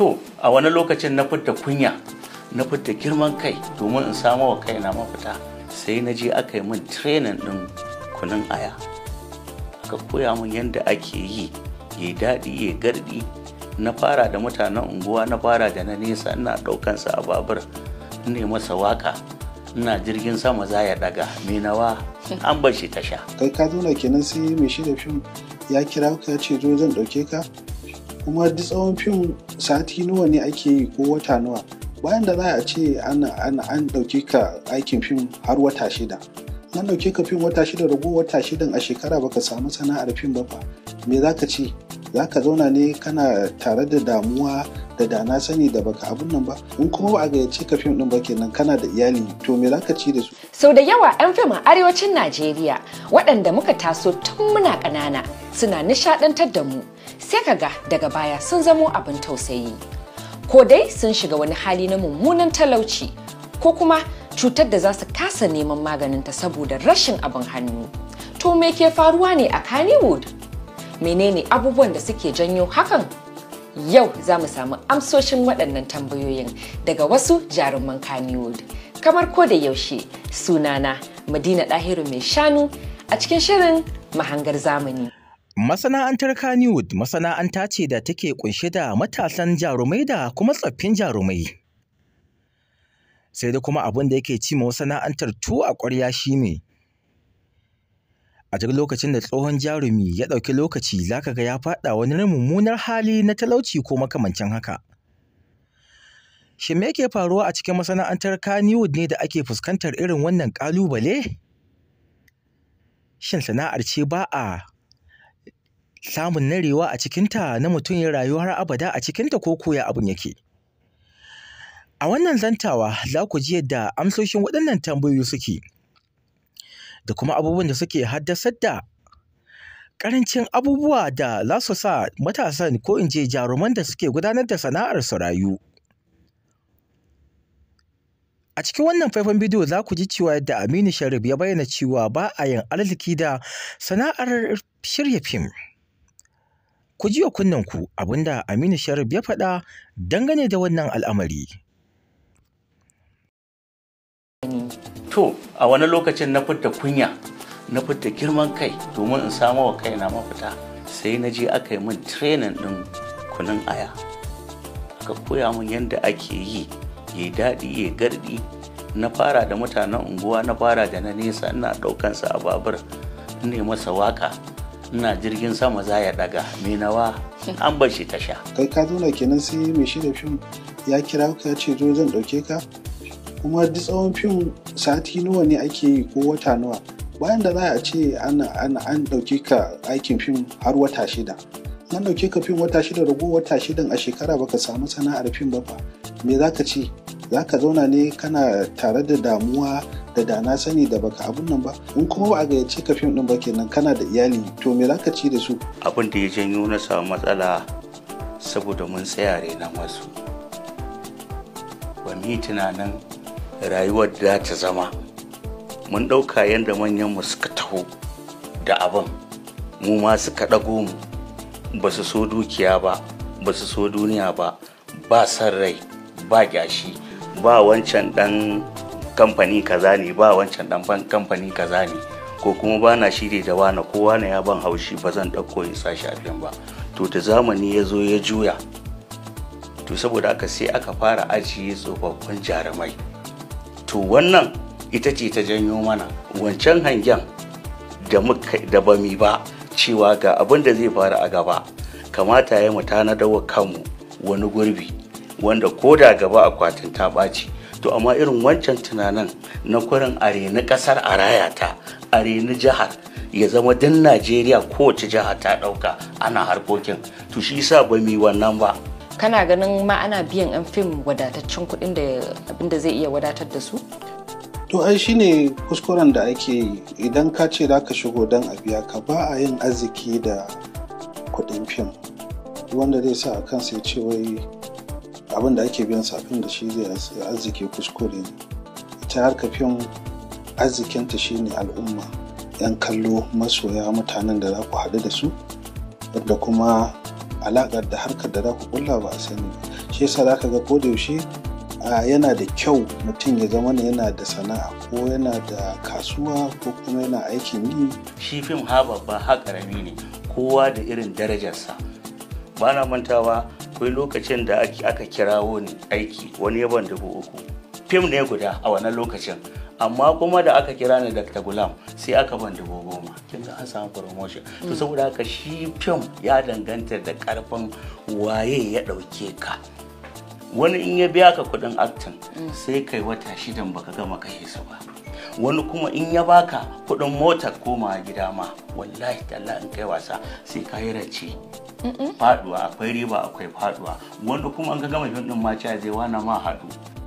to a wani lokacin na fitta kunya na fitta girman kai domin in samo wa kai na mafita sai na je aka yi min trenin ɗin kunun aya Ka koya min yadda ake yi ya daɗi ya garɗi na fara da mutanen unguwa na fara da na nesa ina ɗaukansa a babur ne masa waka ina jirgin sama za ya daga nawa an bar shi sha. kai ka na kenan sai mai shi da fim ya kira ka ya ce zo zan ɗauke ka kuma duk tsawon fim sati nawa ne ake yi ko wata nawa bayan da za a ce an ɗauki ka aikin fim har wata shida an ɗauke ka fim wata shida rago wata shidan a shekara baka samu sana'ar fim ba me za ka ce za ka zauna ne kana tare da damuwa da da na sani da baka abun nan ba in kuma ba a gayyace ka fim din ba kenan kana da iyali to me zaka ci da su sau da yawa yan fim a arewacin Najeriya waɗanda muka taso tun muna ƙanana suna nishaɗantar da mu sai kaga daga baya sun zamo abin tausayi ko dai sun shiga wani hali na mummunan talauci ko kuma cutar da za su kasa neman maganinta saboda rashin abin hannu to me ke faruwa ne a Kannywood? menene abubuwan da suke janyo hakan yau za mu samu amsoshin waɗannan tambayoyin daga wasu jaruman kaniwood kamar ko da yaushe sunana madina ɗahiru mai shanu a cikin shirin mahangar zamani Masana'antar Kannywood masana'anta ce da take kunshe da matasan jarumai da kuma tsaffin jarumai. Sai da kuma abin da yake ci masana'antar tu a ƙwarya shine. a duk lokacin da tsohon jarumi ya ɗauki lokaci za ka ga ya faɗa wani mummunar hali na talauci ko makamancin haka shin me yake faruwa a cikin masana'antar kaniwood ne da ake fuskantar irin wannan ƙalubale shin sana'ar ce ba a samun narewa a cikinta na mutum ya rayu har abada a cikinta ko koya abin yake a wannan zantawa za ku ji yadda amsoshin waɗannan tambayoyi suke da kuma abubuwan da suke haddasar da karancin abubuwa da za su sa matasan ko in je jaruman da suke gudanar da sana'ar su rayu. A cikin wannan faifan bidiyo za ku ji cewa yadda Aminu Sharif ya bayyana cewa ba a yin arziki da sana'ar shirya fim. Ku ji ku abinda Aminu Sharif ya faɗa dangane da wannan al'amari. to a wani lokacin na fitta kunya na fitta girman kai domin in samo wa kaina mafita sai na je aka yi min training din kunun aya ka koya min yadda ake yi ya daɗi ya gardi na fara da mutanen unguwa na fara da na nesa ina ɗaukansa a babur ne masa waka ina jirgin sama za ya daga menawa an bar shi tasha kai ka zo kenan sai mai shi da fim ya kira ka ya ce zo zan ɗauke ka kuma duk tsawon fim sati nawa ne ake yi ko wata nawa bayan da za a ce an ɗauke ka aikin fim har wata shida an ɗauke ka fim wata shida rago wata shidan a shekara baka samu sana'ar fim ba fa me za ka ce za ka zauna ne kana tare da damuwa da da sani da baka abun nan ba in kuma ba a gayyace ka fim din ba kenan kana da iyali to me za ka ci da su abin da ya janyo na samu matsala saboda mun tsaya na masu ba mu tunanin rayuwar da ta zama mun ɗauka yadda mu suka taho da abin mu ma suka ɗago mu ba su so dukiya ba ba su so duniya ba ba san rai ba gyashi ba wancan ɗan kamfani kaza ne ba wancan ɗan ban kamfani kaza ne ko kuma ba na shirya da wani kowa na ya ban haushi ba zan ɗauko in sashi a ba to da zamani ya zo ya juya to saboda aka sai aka fara ajiye tsofaffin jarumai to wannan ita ce ta janyo mana wancan hangen da ba mi ba cewa ga abin da zai faru a gaba kamata ya mu tanada wa kanmu wani gurbi wanda ko da gaba akwatin ta ɓaci to amma irin wancan tunanin na kurin areni ƙasar a raya ta areni jihar ya zama din najeriya kowace jiha ta ɗauka ana harkokin to shi sa ba mi wannan ba kana ganin ma ana biyan 'yan fim wadataccen kuɗin da abinda zai iya wadatar da su to ai shine kuskuren da ake yi idan ka ce za ka shigo don a biya ka ba a yin arziki da kuɗin fim wanda zai sa a kansa ya ce wai abin da ake biyan safin da shi zai arziki kuskure ne ita harka fim arzikinta shine al'umma 'yan kallo masoya mutanen da za ku haɗu da su da kuma alaƙar da harkar da za ku kulla ba a sani ba shi yasa za ka ga ko da yaushe yana da kyau mutum ya zama yana da sana'a ko yana da kasuwa ko kuma yana aikin yi shi fim ha babba ha karami ne kowa da irin darajarsa ba na mantawa akwai lokacin da aka kirawo ni aiki wani yaban dubu uku fim ne guda a wannan lokacin amma kuma da aka kira ni Dr. Gulam sai aka ban dubu goma kin ga an samu promotion to saboda haka shi fim ya danganta da karfin waye ya dauke ka wani in ya biya ka kudin acting sai kai wata shidan baka gama kai su ba wani kuma in ya baka kudin motar koma gida ma wallahi talla in kai wasa sai ka yi race faduwa akwai riba akwai faduwa wani kuma an ka gama fim din ma zai wana ma haɗu